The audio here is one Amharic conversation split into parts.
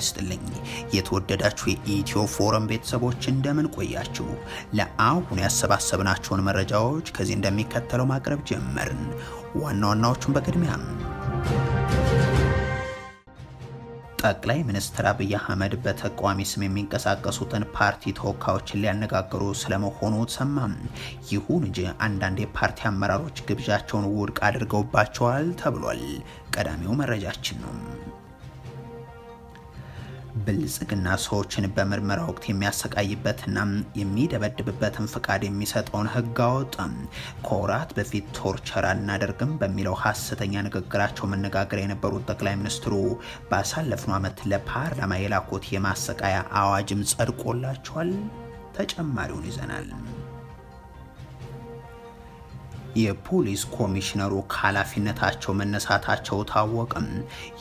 ይስጥልኝ የተወደዳችሁ የኢትዮ ፎረም ቤተሰቦች እንደምን ቆያችሁ? ለአሁን ያሰባሰብናቸውን መረጃዎች ከዚህ እንደሚከተለው ማቅረብ ጀመርን። ዋና ዋናዎቹን በቅድሚያ ጠቅላይ ሚኒስትር አብይ አህመድ በተቃዋሚ ስም የሚንቀሳቀሱትን ፓርቲ ተወካዮችን ሊያነጋግሩ ስለመሆኑ ሰማ ይሁን እንጂ አንዳንድ የፓርቲ አመራሮች ግብዣቸውን ውድቅ አድርገውባቸዋል ተብሏል። ቀዳሚው መረጃችን ነው። ብልጽግና ሰዎችን በምርመራ ወቅት የሚያሰቃይበትና የሚደበድብበትን ፍቃድ የሚሰጠውን ህግ አወጣ። ከወራት በፊት ቶርቸር አናደርግም በሚለው ሀሰተኛ ንግግራቸው መነጋገር የነበሩት ጠቅላይ ሚኒስትሩ ባሳለፍነው ዓመት ለፓርላማ የላኩት የማሰቃያ አዋጅም ጸድቆላቸዋል። ተጨማሪውን ይዘናል። የፖሊስ ኮሚሽነሩ ከኃላፊነታቸው መነሳታቸው ታወቅም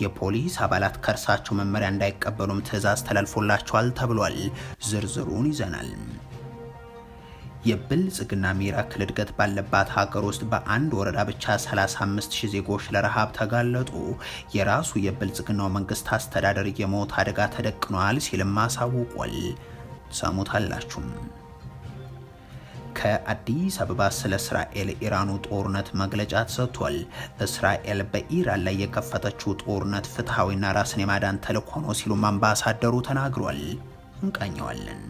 የፖሊስ አባላት ከእርሳቸው መመሪያ እንዳይቀበሉም ትዕዛዝ ተላልፎላቸዋል ተብሏል። ዝርዝሩን ይዘናል። የብልጽግና ሚራክል እድገት ባለባት ሀገር ውስጥ በአንድ ወረዳ ብቻ 35 ሺህ ዜጎች ለረሃብ ተጋለጡ። የራሱ የብልጽግናው መንግስት አስተዳደር የሞት አደጋ ተደቅኗል ሲልም አሳውቋል። ሰሙታላችሁም። ከአዲስ አበባ ስለ እስራኤል ኢራኑ ጦርነት መግለጫ ተሰጥቷል። እስራኤል በኢራን ላይ የከፈተችው ጦርነት ፍትሐዊና ራስን የማዳን ተልዕኮ ነው ሲሉም አምባሳደሩ ተናግሯል። እንቃኘዋለን።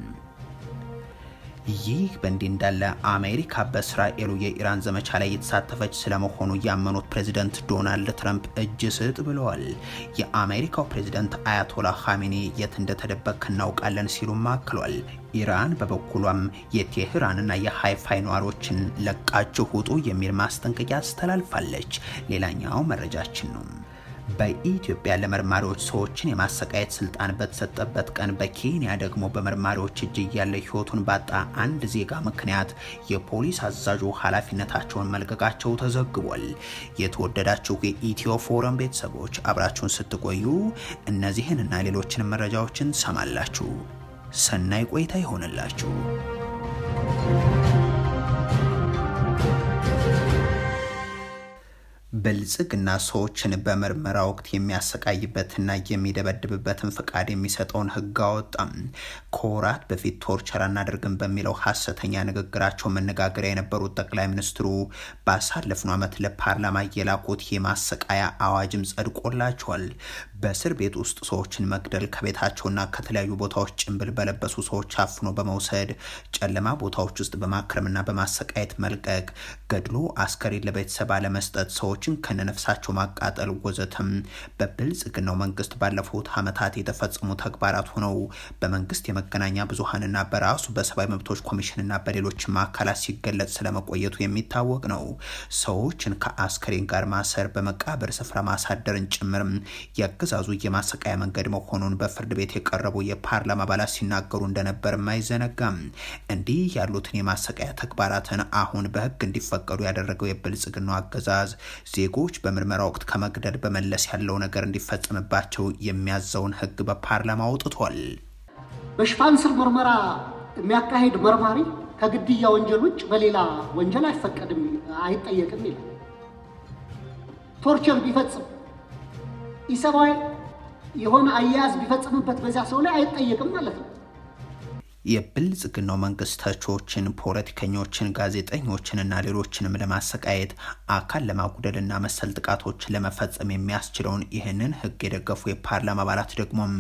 ይህ በእንዲህ እንዳለ አሜሪካ በእስራኤሉ የኢራን ዘመቻ ላይ የተሳተፈች ስለመሆኑ ያመኑት ፕሬዚደንት ዶናልድ ትራምፕ እጅ ስጥ ብለዋል። የአሜሪካው ፕሬዚደንት አያቶላ ኻሜኔ የት እንደተደበቅ እናውቃለን ሲሉም አክሏል። ኢራን በበኩሏም የቴህራንና የሃይፋይ ነዋሪዎችን ለቃችሁ ውጡ የሚል ማስጠንቀቂያ አስተላልፋለች። ሌላኛው መረጃችን ነው። በኢትዮጵያ ለመርማሪዎች ሰዎችን የማሰቃየት ስልጣን በተሰጠበት ቀን በኬንያ ደግሞ በመርማሪዎች እጅ እያለ ህይወቱን ባጣ አንድ ዜጋ ምክንያት የፖሊስ አዛዡ ኃላፊነታቸውን መልቀቃቸው ተዘግቧል። የተወደዳችሁ የኢትዮ ፎረም ቤተሰቦች አብራችሁን ስትቆዩ እነዚህን እና ሌሎችን መረጃዎችን ሰማላችሁ። ሰናይ ቆይታ ይሆንላችሁ። ብልጽግና ሰዎችን በምርመራ ወቅት የሚያሰቃይበትና የሚደበድብበትን ፈቃድ የሚሰጠውን ህግ አወጣም። ከወራት በፊት ቶርቸር አናደርግም በሚለው ሀሰተኛ ንግግራቸው መነጋገሪያ የነበሩት ጠቅላይ ሚኒስትሩ ባሳለፍነው ዓመት ለፓርላማ የላኩት የማሰቃያ አዋጅም ጸድቆላቸዋል። በእስር ቤት ውስጥ ሰዎችን መግደል ከቤታቸውና ከተለያዩ ቦታዎች ጭንብል በለበሱ ሰዎች አፍኖ በመውሰድ ጨለማ ቦታዎች ውስጥ በማክረምና በማሰቃየት መልቀቅ፣ ገድሎ አስከሬን ለቤተሰብ አለመስጠት፣ ሰዎችን ከነነፍሳቸው ማቃጠል ወዘተም በብልጽግናው መንግስት ባለፉት ዓመታት የተፈጸሙ ተግባራት ሆነው በመንግስት የመገናኛ ብዙሃንና በራሱ በሰብአዊ መብቶች ኮሚሽንና በሌሎችም አካላት ሲገለጽ ስለመቆየቱ የሚታወቅ ነው። ሰዎችን ከአስከሬን ጋር ማሰር፣ በመቃብር ስፍራ ማሳደርን ጭምር አገዛዙ የማሰቃያ መንገድ መሆኑን በፍርድ ቤት የቀረቡ የፓርላማ አባላት ሲናገሩ እንደነበር አይዘነጋም። እንዲህ ያሉትን የማሰቃያ ተግባራትን አሁን በህግ እንዲፈቀዱ ያደረገው የብልጽግናው አገዛዝ ዜጎች በምርመራ ወቅት ከመግደል በመለስ ያለው ነገር እንዲፈጸምባቸው የሚያዘውን ህግ በፓርላማ አውጥቷል። በሽፋን ስር ምርመራ የሚያካሄድ መርማሪ ከግድያ ወንጀል ውጭ በሌላ ወንጀል አይፈቀድም፣ አይጠየቅም ይላል። ቶርቸር ቢፈጽም ኢሰብአዊ የሆነ አያያዝ ቢፈጽምበት በዚያ ሰው ላይ አይጠየቅም ማለት ነው። የብልጽግናው መንግስት ተቾችን፣ ፖለቲከኞችን፣ ጋዜጠኞችንና ሌሎችንም ለማሰቃየት አካል ለማጉደልና መሰል ጥቃቶች ለመፈጸም የሚያስችለውን ይህንን ህግ የደገፉ የፓርላማ አባላት ደግሞም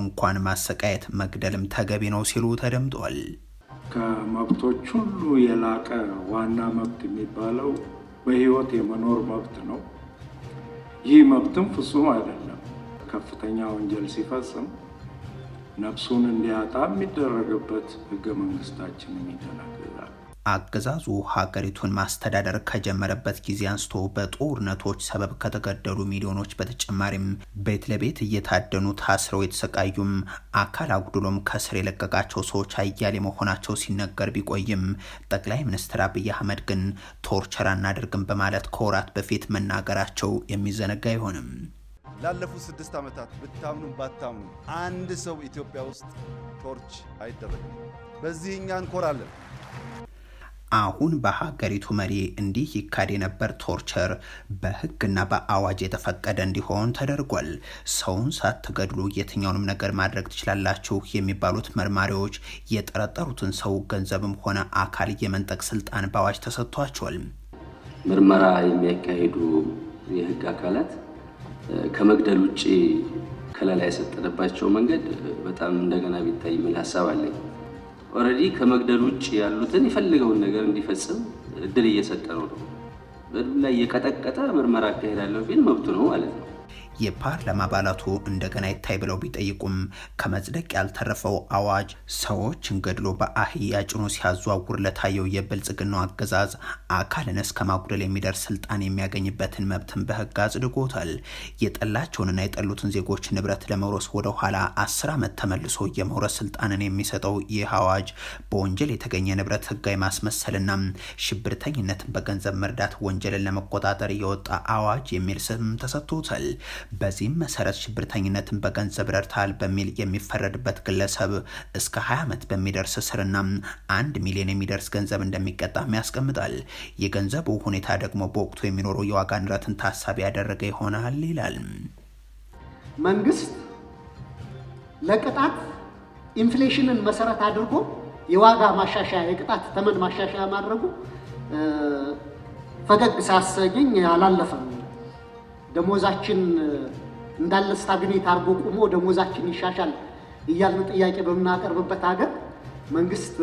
እንኳን ማሰቃየት መግደልም ተገቢ ነው ሲሉ ተደምጧል። ከመብቶች ሁሉ የላቀ ዋና መብት የሚባለው በህይወት የመኖር መብት ነው። ይህ መብትም ፍጹም አይደለም። ከፍተኛ ወንጀል ሲፈጽም ነፍሱን እንዲያጣ የሚደረግበት ህገ መንግስታችንን ይደነግጋል። አገዛዙ ሀገሪቱን ማስተዳደር ከጀመረበት ጊዜ አንስቶ በጦርነቶች ሰበብ ከተገደሉ ሚሊዮኖች በተጨማሪም ቤት ለቤት እየታደኑ ታስረው የተሰቃዩም አካል አጉድሎም ከስር የለቀቃቸው ሰዎች አያሌ መሆናቸው ሲነገር ቢቆይም ጠቅላይ ሚኒስትር አብይ አህመድ ግን ቶርቸር አናደርግም በማለት ከወራት በፊት መናገራቸው የሚዘነጋ አይሆንም። ላለፉት ስድስት ዓመታት ብታምኑም ባታምኑ አንድ ሰው ኢትዮጵያ ውስጥ ቶርች አይደረግም። በዚህ እኛ እንኮራለን። አሁን በሀገሪቱ መሪ እንዲህ ይካድ የነበር ቶርቸር በህግና በአዋጅ የተፈቀደ እንዲሆን ተደርጓል። ሰውን ሳትገድሉ የትኛውንም ነገር ማድረግ ትችላላችሁ የሚባሉት መርማሪዎች የጠረጠሩትን ሰው ገንዘብም ሆነ አካል የመንጠቅ ስልጣን በአዋጅ ተሰጥቷቸዋል። ምርመራ የሚያካሂዱ የህግ አካላት ከመግደል ውጭ ከለላ የሰጠነባቸው መንገድ በጣም እንደገና ቢታይ የሚል ሀሳብ አለኝ። ኦልሬዲ ከመግደል ውጭ ያሉትን የፈልገውን ነገር እንዲፈጽም እድል እየሰጠ ነው። በዱላ እየቀጠቀጠ ምርመራ አካሄዳለሁ ቢል መብቱ ነው ማለት ነው። የፓርላማ አባላቱ እንደገና ይታይ ብለው ቢጠይቁም ከመጽደቅ ያልተረፈው አዋጅ ሰዎችን ገድሎ በአህያ ጭኖ ሲያዘዋውር ለታየው የብልጽግናው አገዛዝ አካልን እስከ ማጉደል የሚደርስ ስልጣን የሚያገኝበትን መብትን በህግ አጽድጎታል። የጠላቸውንና የጠሉትን ዜጎች ንብረት ለመውረስ ወደኋላ አስር ዓመት ተመልሶ የመውረስ ስልጣንን የሚሰጠው ይህ አዋጅ በወንጀል የተገኘ ንብረት ህጋዊ ማስመሰልና ሽብርተኝነትን በገንዘብ መርዳት ወንጀልን ለመቆጣጠር የወጣ አዋጅ የሚል ስም ተሰጥቶታል። በዚህም መሰረት ሽብርተኝነትን በገንዘብ ረድታል በሚል የሚፈረድበት ግለሰብ እስከ 20 ዓመት በሚደርስ እስርና አንድ ሚሊዮን የሚደርስ ገንዘብ እንደሚቀጣም ያስቀምጣል። የገንዘቡ ሁኔታ ደግሞ በወቅቱ የሚኖሩ የዋጋ ንረትን ታሳቢ ያደረገ ይሆናል ይላል። መንግስት ለቅጣት ኢንፍሌሽንን መሰረት አድርጎ የዋጋ ማሻሻያ የቅጣት ተመን ማሻሻያ ማድረጉ ፈገግ ሳያሰኝ አላለፈም። ደሞዛችን እንዳለ ስታግኔት አድርጎ ቁሞ ደሞዛችን ይሻሻል እያልን ጥያቄ በምናቀርብበት ሀገር መንግስት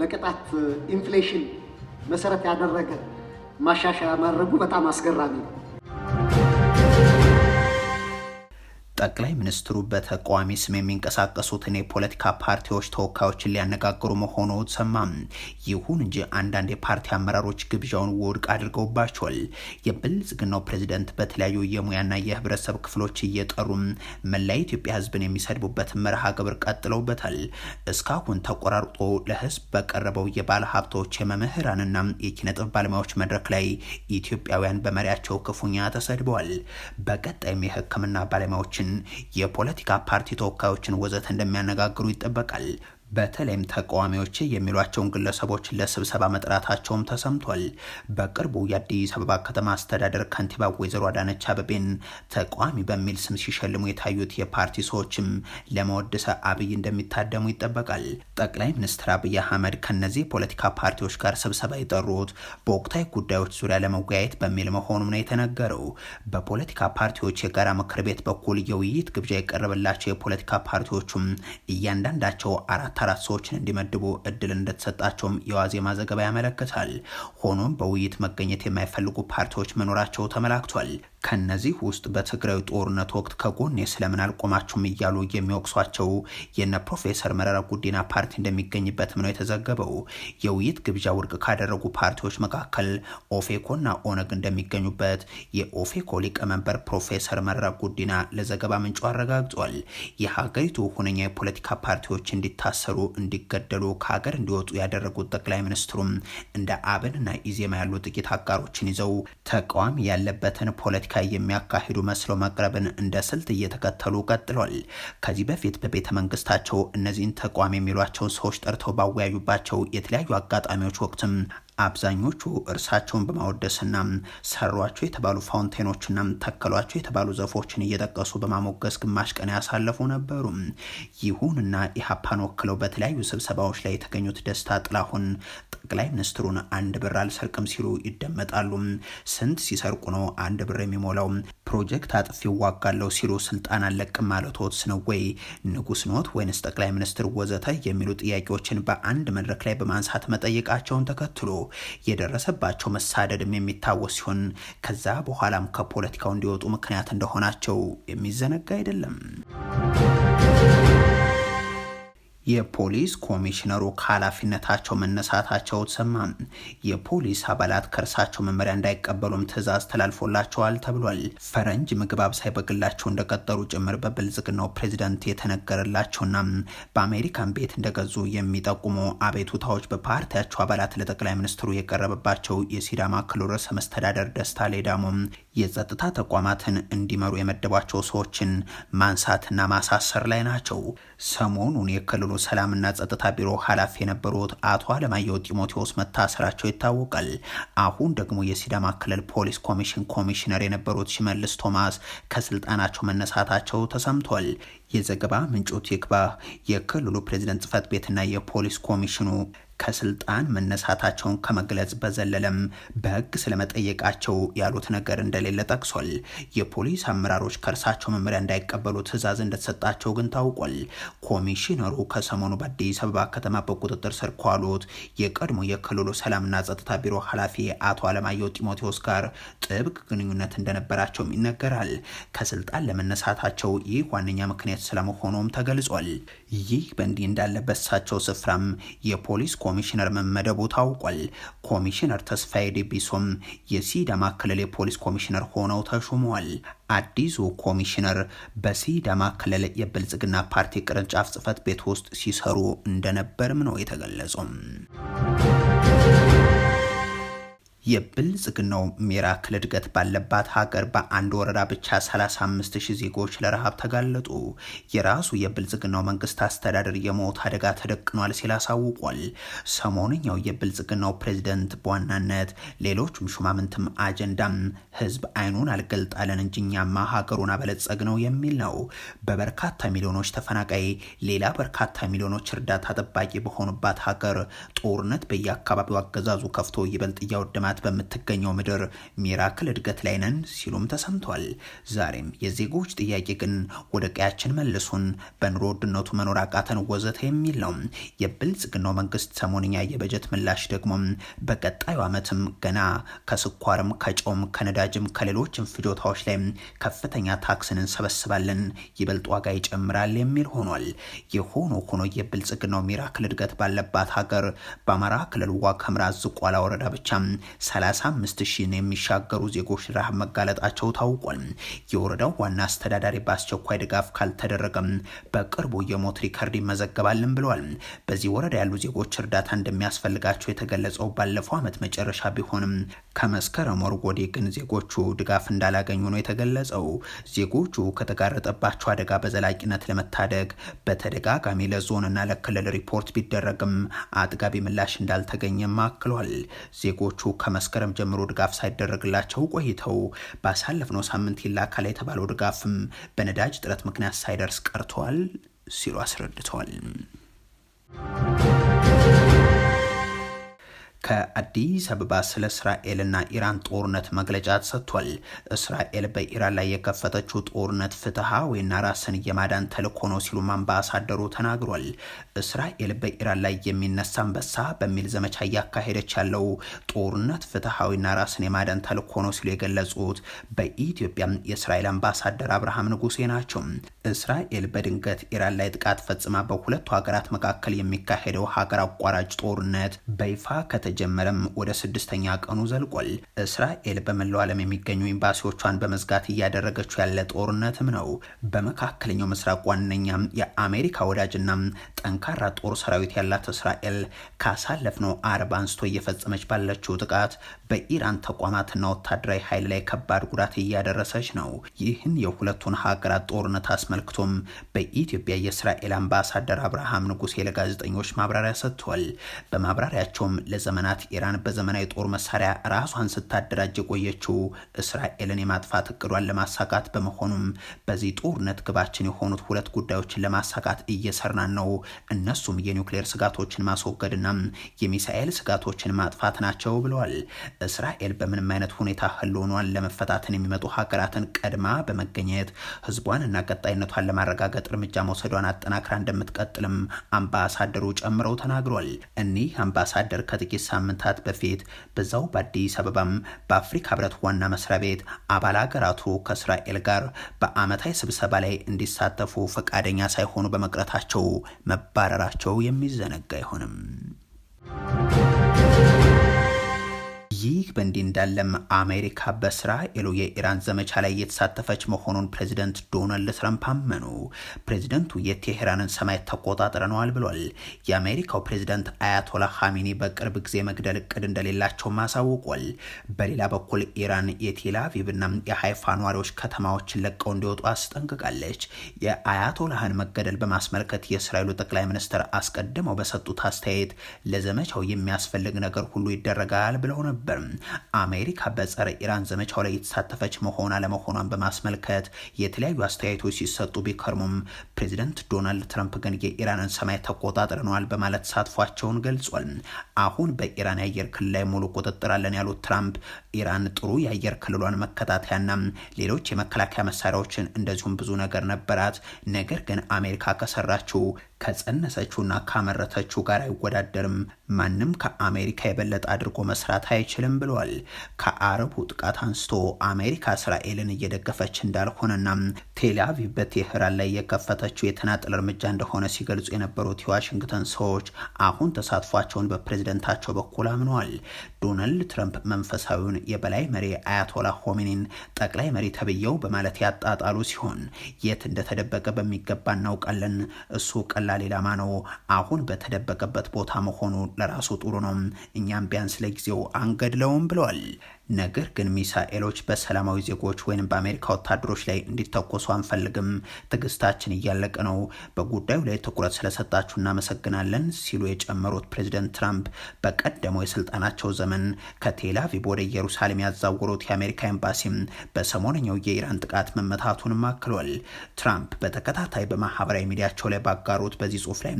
ለቅጣት ኢንፍሌሽን መሰረት ያደረገ ማሻሻያ ማድረጉ በጣም አስገራሚ ነው። ጠቅላይ ሚኒስትሩ በተቃዋሚ ስም የሚንቀሳቀሱትን የፖለቲካ ፓርቲዎች ተወካዮችን ሊያነጋግሩ መሆኑ ሰማ። ይሁን እንጂ አንዳንድ የፓርቲ አመራሮች ግብዣውን ውድቅ አድርገውባቸዋል። የብልጽግናው ፕሬዚደንት በተለያዩ የሙያና የህብረተሰብ ክፍሎች እየጠሩ መላ ኢትዮጵያ ህዝብን የሚሰድቡበትን መርሃ ግብር ቀጥለውበታል። እስካሁን ተቆራርጦ ለህዝብ በቀረበው የባለ ሀብቶች የመምህራንና የኪነጥበብ ባለሙያዎች መድረክ ላይ ኢትዮጵያውያን በመሪያቸው ክፉኛ ተሰድበዋል። በቀጣይም የህክምና ባለሙያዎችን የፖለቲካ ፓርቲ ተወካዮችን ወዘተ እንደሚያነጋግሩ ይጠበቃል። በተለይም ተቃዋሚዎች የሚሏቸውን ግለሰቦች ለስብሰባ መጥራታቸውም ተሰምቷል። በቅርቡ የአዲስ አበባ ከተማ አስተዳደር ከንቲባ ወይዘሮ አዳነች አበቤን ተቃዋሚ በሚል ስም ሲሸልሙ የታዩት የፓርቲ ሰዎችም ለመወደሰ አብይ እንደሚታደሙ ይጠበቃል። ጠቅላይ ሚኒስትር አብይ አህመድ ከነዚህ የፖለቲካ ፓርቲዎች ጋር ስብሰባ የጠሩት በወቅታዊ ጉዳዮች ዙሪያ ለመወያየት በሚል መሆኑም ነው የተነገረው። በፖለቲካ ፓርቲዎች የጋራ ምክር ቤት በኩል የውይይት ግብዣ የቀረበላቸው የፖለቲካ ፓርቲዎቹም እያንዳንዳቸው አራት አራት ሰዎችን እንዲመድቡ እድል እንደተሰጣቸውም የዋዜማ ዘገባ ያመለክታል። ሆኖም በውይይት መገኘት የማይፈልጉ ፓርቲዎች መኖራቸው ተመላክቷል። ከነዚህ ውስጥ በትግራዩ ጦርነት ወቅት ከጎኔ ስለምን አልቆማችሁም እያሉ የሚወቅሷቸው የነ ፕሮፌሰር መረራ ጉዲና ፓርቲ እንደሚገኝበትም ነው የተዘገበው። የውይይት ግብዣ ውድቅ ካደረጉ ፓርቲዎች መካከል ኦፌኮና ኦነግ እንደሚገኙበት የኦፌኮ ሊቀመንበር ፕሮፌሰር መረራ ጉዲና ለዘገባ ምንጩ አረጋግጧል። የሀገሪቱ ሁነኛ የፖለቲካ ፓርቲዎች እንዲታሰሩ፣ እንዲገደሉ፣ ከሀገር እንዲወጡ ያደረጉት ጠቅላይ ሚኒስትሩም እንደ አብንና ኢዜማ ያሉ ጥቂት አጋሮችን ይዘው ተቃዋሚ ያለበትን ፖለቲካ ተወካይ የሚያካሂዱ መስሎ መቅረብን እንደ ስልት እየተከተሉ ቀጥሏል። ከዚህ በፊት በቤተ መንግስታቸው እነዚህን ተቋም የሚሏቸው ሰዎች ጠርተው ባወያዩባቸው የተለያዩ አጋጣሚዎች ወቅትም አብዛኞቹ እርሳቸውን በማወደስና ሰሯቸው የተባሉ ፋውንቴኖችና ተከሏቸው የተባሉ ዘፎችን እየጠቀሱ በማሞገስ ግማሽ ቀን ያሳለፉ ነበሩ። ይሁንና ኢህአፓን ወክለው በተለያዩ ስብሰባዎች ላይ የተገኙት ደስታ ጥላሁን ጠቅላይ ሚኒስትሩን አንድ ብር አልሰርቅም ሲሉ ይደመጣሉ። ስንት ሲሰርቁ ነው አንድ ብር የሚሞላው? ፕሮጀክት አጥፊ ይዋጋለው ሲሉ ስልጣን አለቅም ማለቶት ነው ወይ? ንጉስ ኖት ወይንስ ጠቅላይ ሚኒስትር ወዘተ የሚሉ ጥያቄዎችን በአንድ መድረክ ላይ በማንሳት መጠየቃቸውን ተከትሎ የደረሰባቸው መሳደድም የሚታወስ ሲሆን ከዛ በኋላም ከፖለቲካው እንዲወጡ ምክንያት እንደሆናቸው የሚዘነጋ አይደለም። የፖሊስ ኮሚሽነሩ ከኃላፊነታቸው መነሳታቸው ተሰማ። የፖሊስ አባላት ከእርሳቸው መመሪያ እንዳይቀበሉም ትዕዛዝ ተላልፎላቸዋል ተብሏል። ፈረንጅ ምግብ አብሳይ በግላቸው እንደቀጠሩ ጭምር በብልጽግናው ፕሬዚደንት የተነገረላቸውና በአሜሪካን ቤት እንደገዙ የሚጠቁሙ አቤቱታዎች በፓርቲያቸው አባላት ለጠቅላይ ሚኒስትሩ የቀረበባቸው የሲዳማ ክልል ርዕሰ መስተዳደር ደስታ ሌዳሞም የጸጥታ ተቋማትን እንዲመሩ የመደቧቸው ሰዎችን ማንሳትና ማሳሰር ላይ ናቸው። ሰሞኑን የክልሉ ክልሉ ሰላምና ጸጥታ ቢሮ ኃላፊ የነበሩት አቶ አለማየሁ ጢሞቴዎስ መታሰራቸው ይታወቃል። አሁን ደግሞ የሲዳማ ክልል ፖሊስ ኮሚሽን ኮሚሽነር የነበሩት ሽመልስ ቶማስ ከስልጣናቸው መነሳታቸው ተሰምቷል። የዘገባ ምንጮት ይግባ የክልሉ ፕሬዚደንት ጽህፈት ቤትና የፖሊስ ኮሚሽኑ ከስልጣን መነሳታቸውን ከመግለጽ በዘለለም በህግ ስለመጠየቃቸው ያሉት ነገር እንደሌለ ጠቅሷል። የፖሊስ አመራሮች ከእርሳቸው መመሪያ እንዳይቀበሉ ትዕዛዝ እንደተሰጣቸው ግን ታውቋል። ኮሚሽነሩ ከሰሞኑ በአዲስ አበባ ከተማ በቁጥጥር ስር ከዋሉት የቀድሞ የክልሉ ሰላምና ጸጥታ ቢሮ ኃላፊ አቶ አለማየሁ ጢሞቴዎስ ጋር ጥብቅ ግንኙነት እንደነበራቸውም ይነገራል። ከስልጣን ለመነሳታቸው ይህ ዋነኛ ምክንያት ስለመሆኑም ተገልጿል። ይህ በእንዲህ እንዳለ በሳቸው ስፍራም የፖሊስ ኮሚሽነር መመደቡ ታውቋል። ኮሚሽነር ተስፋዬ ዴቢሶም የሲዳማ ክልል የፖሊስ ኮሚሽነር ሆነው ተሹመዋል። አዲሱ ኮሚሽነር በሲዳማ ክልል የብልጽግና ፓርቲ ቅርንጫፍ ጽህፈት ቤት ውስጥ ሲሰሩ እንደነበርም ነው የተገለጹም። የብልጽግናው ሚራክል እድገት ባለባት ሀገር በአንድ ወረዳ ብቻ 35 ሺህ ዜጎች ለረሃብ ተጋለጡ። የራሱ የብልጽግናው መንግስት አስተዳደር የሞት አደጋ ተደቅኗል ሲል አሳውቋል። ሰሞንኛው የብልጽግናው ፕሬዝደንት በዋናነት ሌሎችም ሹማምንትም አጀንዳም ህዝብ አይኑን አልገልጣለን እንጂ እኛማ ሀገሩን አበለጸግ ነው የሚል ነው። በበርካታ ሚሊዮኖች ተፈናቃይ፣ ሌላ በርካታ ሚሊዮኖች እርዳታ ጠባቂ በሆኑባት ሀገር ጦርነት በየአካባቢው አገዛዙ ከፍቶ ይበልጥ እያወደማ ናት በምትገኘው ምድር ሚራክል እድገት ላይ ነን ሲሉም ተሰምቷል። ዛሬም የዜጎች ጥያቄ ግን ወደ ቀያችን መልሱን፣ በኑሮ ውድነቱ መኖር አቃተን ወዘተ የሚል ነው። የብልጽግናው መንግስት ሰሞንኛ የበጀት ምላሽ ደግሞ በቀጣዩ ዓመትም ገና ከስኳርም ከጨውም ከነዳጅም ከሌሎችም ፍጆታዎች ላይ ከፍተኛ ታክስን እንሰበስባለን፣ ይበልጥ ዋጋ ይጨምራል የሚል ሆኗል። የሆኖ ሆኖ የብልጽግናው ሚራክል እድገት ባለባት ሀገር በአማራ ክልል ዋግ ኽምራ ዝቋላ ወረዳ ብቻ 35000 የሚሻገሩ ዜጎች ረሃብ መጋለጣቸው ታውቋል። የወረዳው ዋና አስተዳዳሪ በአስቸኳይ ድጋፍ ካልተደረገም በቅርቡ የሞት ሪከርድ ይመዘገባልን ብለዋል። በዚህ ወረዳ ያሉ ዜጎች እርዳታ እንደሚያስፈልጋቸው የተገለጸው ባለፈው ዓመት መጨረሻ ቢሆንም ከመስከረም ወር ወዲህ ግን ዜጎቹ ድጋፍ እንዳላገኙ ነው የተገለጸው። ዜጎቹ ከተጋረጠባቸው አደጋ በዘላቂነት ለመታደግ በተደጋጋሚ ለዞንና ለክልል ሪፖርት ቢደረግም አጥጋቢ ምላሽ እንዳልተገኘም አክሏል። ዜጎቹ ከመስከረም ጀምሮ ድጋፍ ሳይደረግላቸው ቆይተው ባሳለፍነው ሳምንት ይላካል የተባለው ድጋፍም በነዳጅ እጥረት ምክንያት ሳይደርስ ቀርተዋል ሲሉ አስረድተዋል። ከአዲስ አበባ ስለ እስራኤልና ኢራን ጦርነት መግለጫ ተሰጥቷል። እስራኤል በኢራን ላይ የከፈተችው ጦርነት ፍትሐዊና ራስን የማዳን ተልዕኮ ነው ሲሉም አምባሳደሩ ተናግሯል። እስራኤል በኢራን ላይ የሚነሳ አንበሳ በሚል ዘመቻ እያካሄደች ያለው ጦርነት ፍትሐዊና ራስን የማዳን ተልዕኮ ነው ሲሉ የገለጹት በኢትዮጵያ የእስራኤል አምባሳደር አብርሃም ንጉሴ ናቸው። እስራኤል በድንገት ኢራን ላይ ጥቃት ፈጽማ በሁለቱ ሀገራት መካከል የሚካሄደው ሀገር አቋራጭ ጦርነት በይፋ ከተ ከተጀመረም ወደ ስድስተኛ ቀኑ ዘልቋል። እስራኤል በመላው ዓለም የሚገኙ ኤምባሲዎቿን በመዝጋት እያደረገችው ያለ ጦርነትም ነው። በመካከለኛው ምስራቅ ዋነኛ የአሜሪካ ወዳጅና ጠንካራ ጦር ሰራዊት ያላት እስራኤል ካሳለፍነው አርብ አንስቶ እየፈጸመች ባለችው ጥቃት በኢራን ተቋማትና ወታደራዊ ኃይል ላይ ከባድ ጉዳት እያደረሰች ነው። ይህን የሁለቱን ሀገራት ጦርነት አስመልክቶም በኢትዮጵያ የእስራኤል አምባሳደር አብርሃም ንጉሴ ለጋዜጠኞች ማብራሪያ ሰጥቷል። በማብራሪያቸውም ለዘመን ዘመናት ኢራን በዘመናዊ ጦር መሳሪያ ራሷን ስታደራጅ የቆየችው እስራኤልን የማጥፋት እቅዷን ለማሳካት በመሆኑም በዚህ ጦርነት ግባችን የሆኑት ሁለት ጉዳዮችን ለማሳካት እየሰራን ነው። እነሱም የኒውክሌር ስጋቶችን ማስወገድና የሚሳኤል ስጋቶችን ማጥፋት ናቸው ብለዋል። እስራኤል በምንም አይነት ሁኔታ ህልውኗን ለመፈታትን የሚመጡ ሀገራትን ቀድማ በመገኘት ህዝቧን እና ቀጣይነቷን ለማረጋገጥ እርምጃ መውሰዷን አጠናክራ እንደምትቀጥልም አምባሳደሩ ጨምረው ተናግሯል። እኒህ አምባሳደር ከጥቂት ሳምንታት በፊት በዛው በአዲስ አበባም በአፍሪካ ህብረት ዋና መስሪያ ቤት አባል ሀገራቱ ከእስራኤል ጋር በአመታዊ ስብሰባ ላይ እንዲሳተፉ ፈቃደኛ ሳይሆኑ በመቅረታቸው መባረራቸው የሚዘነጋ አይሆንም። ይህ በእንዲህ እንዳለም አሜሪካ በእስራኤሉ የኢራን ዘመቻ ላይ እየተሳተፈች መሆኑን ፕሬዚደንት ዶናልድ ትረምፕ አመኑ። ፕሬዚደንቱ የቴሄራንን ሰማይ ተቆጣጥረነዋል ብሏል። የአሜሪካው ፕሬዚደንት አያቶላ ሀሚኒ በቅርብ ጊዜ መግደል እቅድ እንደሌላቸውም አሳውቋል። በሌላ በኩል ኢራን የቴልአቪቭና የሀይፋ ነዋሪዎች ከተማዎችን ለቀው እንዲወጡ አስጠንቅቃለች። የአያቶላህን መገደል በማስመልከት የእስራኤሉ ጠቅላይ ሚኒስትር አስቀድመው በሰጡት አስተያየት ለዘመቻው የሚያስፈልግ ነገር ሁሉ ይደረጋል ብለው ነበር። ነበር። አሜሪካ በጸረ ኢራን ዘመቻው ላይ የተሳተፈች መሆን አለመሆኗን በማስመልከት የተለያዩ አስተያየቶች ሲሰጡ ቢከርሙም ፕሬዚደንት ዶናልድ ትራምፕ ግን የኢራንን ሰማይ ተቆጣጥረነዋል በማለት ተሳትፏቸውን ገልጿል። አሁን በኢራን የአየር ክልል ላይ ሙሉ ቁጥጥር አለን ያሉት ትራምፕ ኢራን ጥሩ የአየር ክልሏን መከታተያና ሌሎች የመከላከያ መሳሪያዎችን እንደዚሁም ብዙ ነገር ነበራት። ነገር ግን አሜሪካ ከሰራችው ከጸነሰችውና ካመረተችው ጋር አይወዳደርም። ማንም ከአሜሪካ የበለጠ አድርጎ መስራት አይችልም ብለዋል። ከአረቡ ጥቃት አንስቶ አሜሪካ እስራኤልን እየደገፈች እንዳልሆነና ቴልአቪቭ በቴህራን ላይ የከፈተችው የተናጠል እርምጃ እንደሆነ ሲገልጹ የነበሩት የዋሽንግተን ሰዎች አሁን ተሳትፏቸውን በፕሬዝደንታቸው በኩል አምነዋል። ዶናልድ ትረምፕ መንፈሳዊውን የበላይ መሪ አያቶላ ሆሜኒን ጠቅላይ መሪ ተብየው በማለት ያጣጣሉ ሲሆን የት እንደተደበቀ በሚገባ እናውቃለን እሱ ቀላል ሌላ ሌላማ ነው። አሁን በተደበቀበት ቦታ መሆኑ ለራሱ ጥሩ ነው። እኛም ቢያንስ ለጊዜው አንገድለውም ብለዋል። ነገር ግን ሚሳኤሎች በሰላማዊ ዜጎች ወይም በአሜሪካ ወታደሮች ላይ እንዲተኮሱ አንፈልግም። ትዕግስታችን እያለቀ ነው። በጉዳዩ ላይ ትኩረት ስለሰጣችሁ እናመሰግናለን ሲሉ የጨመሩት ፕሬዚደንት ትራምፕ በቀደመው የስልጣናቸው ዘመን ከቴላቪቭ ወደ ኢየሩሳሌም ያዛወሩት የአሜሪካ ኤምባሲም በሰሞነኛው የኢራን ጥቃት መመታቱንም አክሏል። ትራምፕ በተከታታይ በማህበራዊ ሚዲያቸው ላይ ባጋሩት በዚህ ጽሁፍ ላይ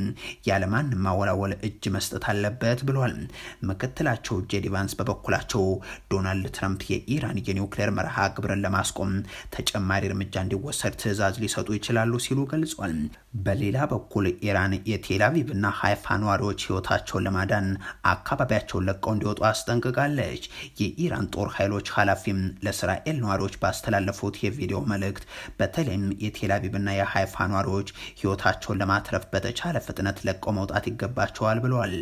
ያለማንም ማወላወል እጅ መስጠት አለበት ብሏል። ምክትላቸው ጄዲቫንስ በበኩላቸው ዶናልድ ዶናልድ ትራምፕ የኢራን የኒውክሌር መርሃ ግብርን ለማስቆም ተጨማሪ እርምጃ እንዲወሰድ ትዕዛዝ ሊሰጡ ይችላሉ ሲሉ ገልጿል። በሌላ በኩል ኢራን የቴላቪቭ እና ሃይፋ ነዋሪዎች ህይወታቸውን ለማዳን አካባቢያቸውን ለቀው እንዲወጡ አስጠንቅቃለች። የኢራን ጦር ኃይሎች ኃላፊም ለእስራኤል ነዋሪዎች ባስተላለፉት የቪዲዮ መልእክት በተለይም የቴላቪቭ እና የሃይፋ ነዋሪዎች ህይወታቸውን ለማትረፍ በተቻለ ፍጥነት ለቀው መውጣት ይገባቸዋል ብለዋል።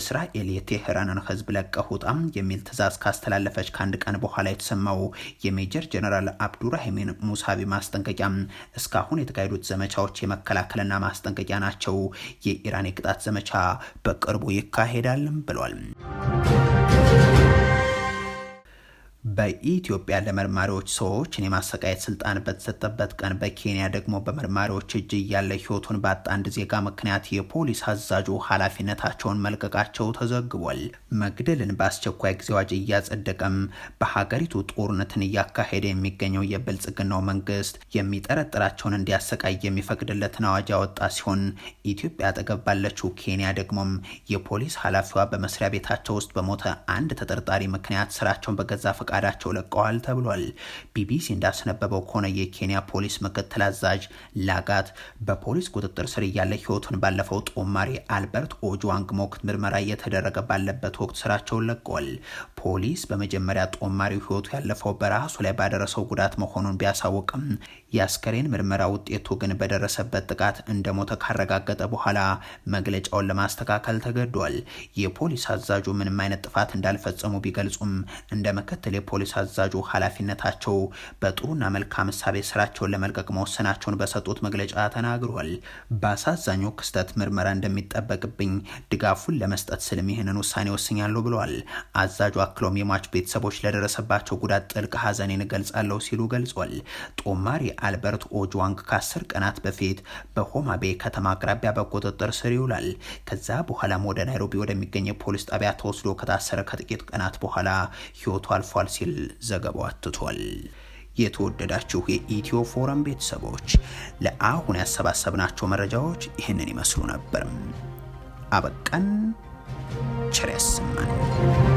እስራኤል የቴህራንን ህዝብ ለቀው ውጣም የሚል ትዕዛዝ ካስተላለፈች ከአንድ ቀን በኋላ የተሰማው የሜጀር ጀነራል አብዱራሂምን ሙሳቢ ማስጠንቀቂያም እስካሁን የተካሄዱት ዘመቻዎች የመከላከል ማዕከልና ማስጠንቀቂያ ናቸው። የኢራን የቅጣት ዘመቻ በቅርቡ ይካሄዳልም ብሏል። በኢትዮጵያ ለመርማሪዎች ሰዎችን የማሰቃየት ስልጣን በተሰጠበት ቀን በኬንያ ደግሞ በመርማሪዎች እጅ እያለ ህይወቱን ባጣ አንድ ዜጋ ምክንያት የፖሊስ አዛዡ ኃላፊነታቸውን መልቀቃቸው ተዘግቧል። መግደልን በአስቸኳይ ጊዜ አዋጅ እያጸደቀም በሀገሪቱ ጦርነትን እያካሄደ የሚገኘው የብልጽግናው መንግስት የሚጠረጥራቸውን እንዲያሰቃይ የሚፈቅድለትን አዋጅ ያወጣ ሲሆን ኢትዮጵያ አጠገብ ባለችው ኬንያ ደግሞም የፖሊስ ኃላፊዋ በመስሪያ ቤታቸው ውስጥ በሞተ አንድ ተጠርጣሪ ምክንያት ስራቸውን በገዛ ፈቃድ በፈቃዳቸው ለቀዋል ተብሏል። ቢቢሲ እንዳስነበበው ከሆነ የኬንያ ፖሊስ ምክትል አዛዥ ላጋት በፖሊስ ቁጥጥር ስር እያለ ህይወቱን ባለፈው ጦማሪ አልበርት ኦጅዋንግ ሞክት ምርመራ እየተደረገ ባለበት ወቅት ስራቸውን ለቀዋል። ፖሊስ በመጀመሪያ ጦማሪው ህይወቱ ያለፈው በራሱ ላይ ባደረሰው ጉዳት መሆኑን ቢያሳውቅም የአስከሬን ምርመራ ውጤቱ ግን በደረሰበት ጥቃት እንደሞተ ካረጋገጠ በኋላ መግለጫውን ለማስተካከል ተገዷል። የፖሊስ አዛዡ ምንም አይነት ጥፋት እንዳልፈጸሙ ቢገልጹም እንደ ምክትል የፖሊስ አዛዡ ኃላፊነታቸው በጥሩና መልካም እሳቤ ስራቸውን ለመልቀቅ መወሰናቸውን በሰጡት መግለጫ ተናግሯል። በአሳዛኙ ክስተት ምርመራ እንደሚጠበቅብኝ ድጋፉን ለመስጠት ስልም ይህንን ውሳኔ ወስኛለሁ ብለዋል። አዛዡ አክሎም የሟች ቤተሰቦች ለደረሰባቸው ጉዳት ጥልቅ ሐዘኔን እገልጻለሁ ሲሉ ገልጿል። ጦማሪ አልበርት ኦጅዋንግ ከአስር ቀናት በፊት በሆማ ቤ ከተማ አቅራቢያ በቁጥጥር ስር ይውላል። ከዛ በኋላም ወደ ናይሮቢ ወደሚገኝ ፖሊስ ጣቢያ ተወስዶ ከታሰረ ከጥቂት ቀናት በኋላ ህይወቱ አልፏል ሲል ዘገባው አትቷል። የተወደዳችሁ የኢትዮ ፎረም ቤተሰቦች ለአሁን ያሰባሰብናቸው መረጃዎች ይህንን ይመስሉ ነበርም አበቃን። ቸር ያሰማን።